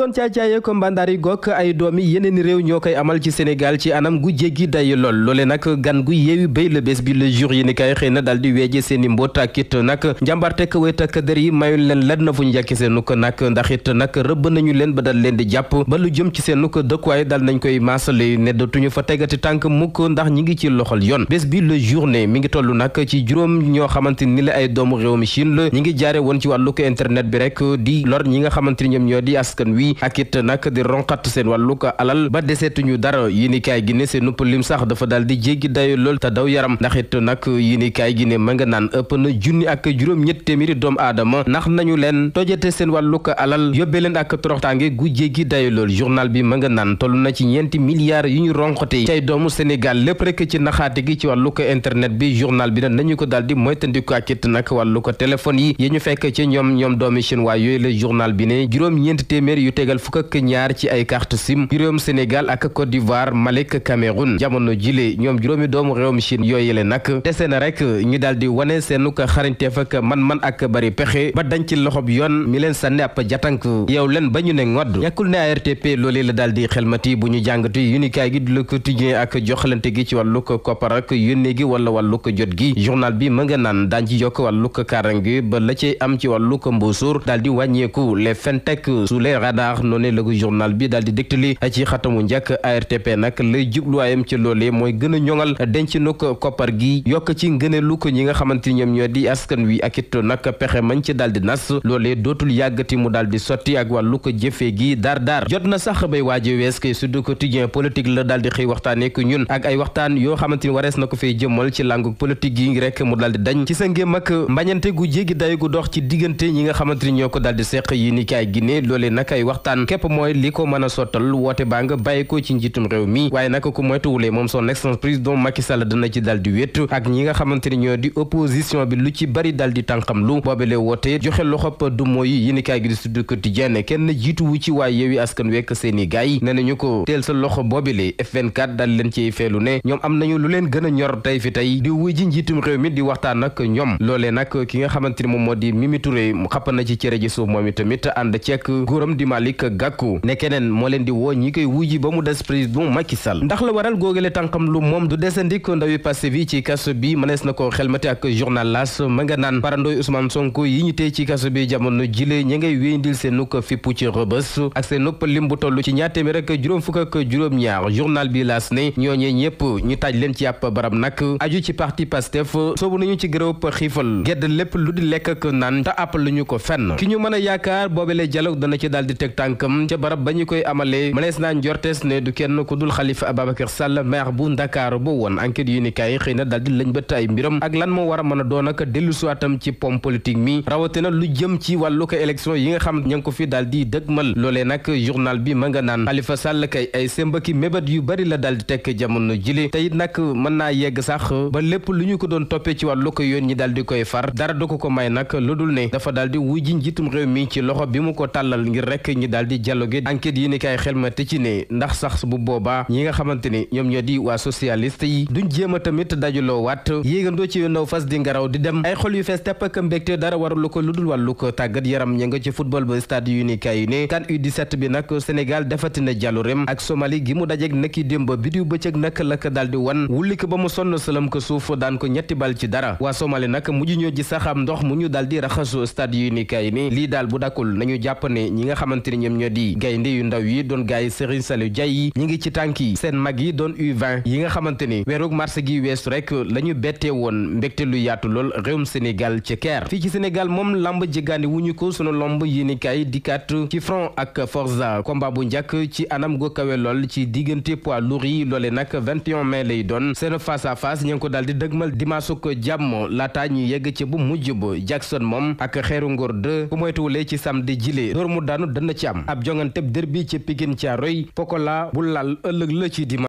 doon caacaayee ko mbandaari gokk ay doomi yeneen réew ñoo koy amal ci Sénégal ci anam gu jéggi day lool loole nag gan gu yeewi béy la bés bi le jour yi ni kay xëy na daal di weeje seen i mbóot ak it nag njàmbaartek way takkadër yi mayul leen lan na fu ñu jàkki seenu nag ndax it nag rëbb nañu leen ba dal leen di jàpp ba lu jëm ci seenu ko dëkkuwaay dal nañ koy maasale ne dootuñu fa tegati tànk mukk ndax ñi ngi ci loxol yoon bés bi le journée mi ngi toll nag ci juróom ñoo xamante ni la ay doomu réew mi la ñi ngi jaare woon ci wàllu ko internet bi rek di lor ñi nga xamante ni ñoom ñoo di askan wi yi ak it nag di ronqat seen wàllug alal ba deseetuñu dara yéenekaay gi ne seen nupp lim sax dafa daal di jéggi lool te daw yaram ndax it nag yéenekaay gi ne ma naan ëpp na junni ak juróom-ñett téeméeri doomu aadama ndax nañu leen tojate bi ma nga naan toll na ci ñeenti milliards yu ñu ronqate cay doomu Sénégal lépp rek ci naxaate gi ci wàllug internet bi journal bi na nañu ko daal di moytandiku ak it nag wàllug téléphone yi yi ñu fekk ci ñoom ñoom doomi chinois yooyu la journal bi ne juróom-ñeenti téeméer yu tegal fukk ak ñaar ci ay carte SIM yu réewum Sénégal ak Côte d'Ivoire Malik Cameroun jamono jile ñoom juróomi doomu réewum Chine yooyu la nag dese na rek ñu daal di wane seenu ko xarañteef ak man-man ak bari pexe ba dañ ci loxob yoon mi leen sànni ab jatank yow leen ba ñu ne ngodd ñàkkul ne ARTP loolee la daal di xelmati bu ñu jàngatu yunikaay gi du la quotidien ak joxalante gi ci wàllu ko koppar ak yónnee gi wala wàllu ko jot gi journal bi mën naan daan ci aar noonu la ko journal bi daal di dégtali ci xatamu njëkk ARTP nag lay jubluwaayam ci loolee mooy gën a ñoŋal denc nuk koppar gi yokk ci ngëneelu ko ñi nga xamante ni ñoom ñoo di askan wi ak it nag pexe mañ ci daal di nas loolee dootul yàggati mu daal ko jëfee gi yi ni kaay gi ne loolee ay wax waxtaan képp mooy li ko mën a sottal woote baa nga bàyyi ko ci njiitum réew mi waaye nag ku moytuwulee moom son excellence président Macky Sall dana ci dal di ak ñi nga xamante ñoom am nañu a ki nga xamante moom moo di Mimi Touré ci cere ji suuf moom itamit ànd ceek góoram di Mali Malick Gakou ne keneen moo leen di woo ñi koy wujji ba mu des président Macky Sall ndax la waral góogale tànkam lu moom du desandik ndawi passé bi mënees na ko xelmati ak journal L'As ma nga naan parandooy Ousmane Sonko yi ñu tey ci kaso bi jamono jile ñi ngay wéyndil seenuk fippu ci rëbës ak seenuk lim bu toll ci ñaar téeméer juróom fukk ak juróom-ñaar journal bi L'As ne ñooñee ñëpp ñu taaj leen ci yàpp barab nag aju ci parti Pastef soobu nañu a tànkam ca barab ba ñu koy amalee mënees naa njortees ne du kenn ku dul Xalifa Ababacar Sall maire bu Ndakaaru ba woon enquête yu ni kaay xëy na daal di ay mbiram ak lan moo war a mën a doon ak dellu suwaatam ci pom politique mi rawatina lu jëm ci wàllu ko élection yi nga xam ña ngi ko fi daal di dëgmal loolee nag journal bi ma nga naan Xalifa Sall kay ay sembaki mébét yu bari la daal di tekk jamono jile te it nag mën naa yegg sax ba lépp lu ñu ko doon toppee ci wàllu ko yoon di ko ko may nag lu dul ne daal di dialogué enquête yi ni kaay xel ma te ci ne ndax sax bu boobaa ñi nga xamante ne ñoom ñoo di waa socialiste yi duñ jéem tamit dajuloo waat yéegandoo ci ndaw fas di ngaraw di dem ay xol yu fees tepp ak mbégte dara warulu ko lu dul wàllu ko tàggat yaram ña nga ci football ba stade yu ni kaay ne kan U17 bi nag Sénégal defati na jàllurem ak Somalie gi mu dajek naki démb bi ba bëccëg nak la ko daal di wan wulli ko ba mu sonn sëlam ko suuf daan ko ñetti bal ci dara waa Somalie nag mujj ñoo ji saxam ndox mu ñu daal di raxasu stade yu ni kaay ni ñoom ñoo di gaynde yu ndaw yi doon gaay Serigne Saliou Diaye yi ñi ngi ci tànk yi seen mag yi doon U20 yi nga xamante ni weerug mars gi weesu rek la ñu bettee woon mbégte lu yaatu lool réewum Sénégal ci keer fii ci Sénégal moom lamb jéggaani wu ñu ko sunu lomb yéenekaay dikkaat ci front ak Forza combat bu njëkk ci anam gu kawe lool ci diggante poids lourd yi loole nag 21 mai lay doon seen face à face ngi ko daal di dëgmal dimanche ko jàmm laataa ñu yegg ci bu mujj bu Jackson moom ak xeeru Thiam ab jongante derby ci Pikine Thiaroye Pokola bu lal ëllëg la ci dimanche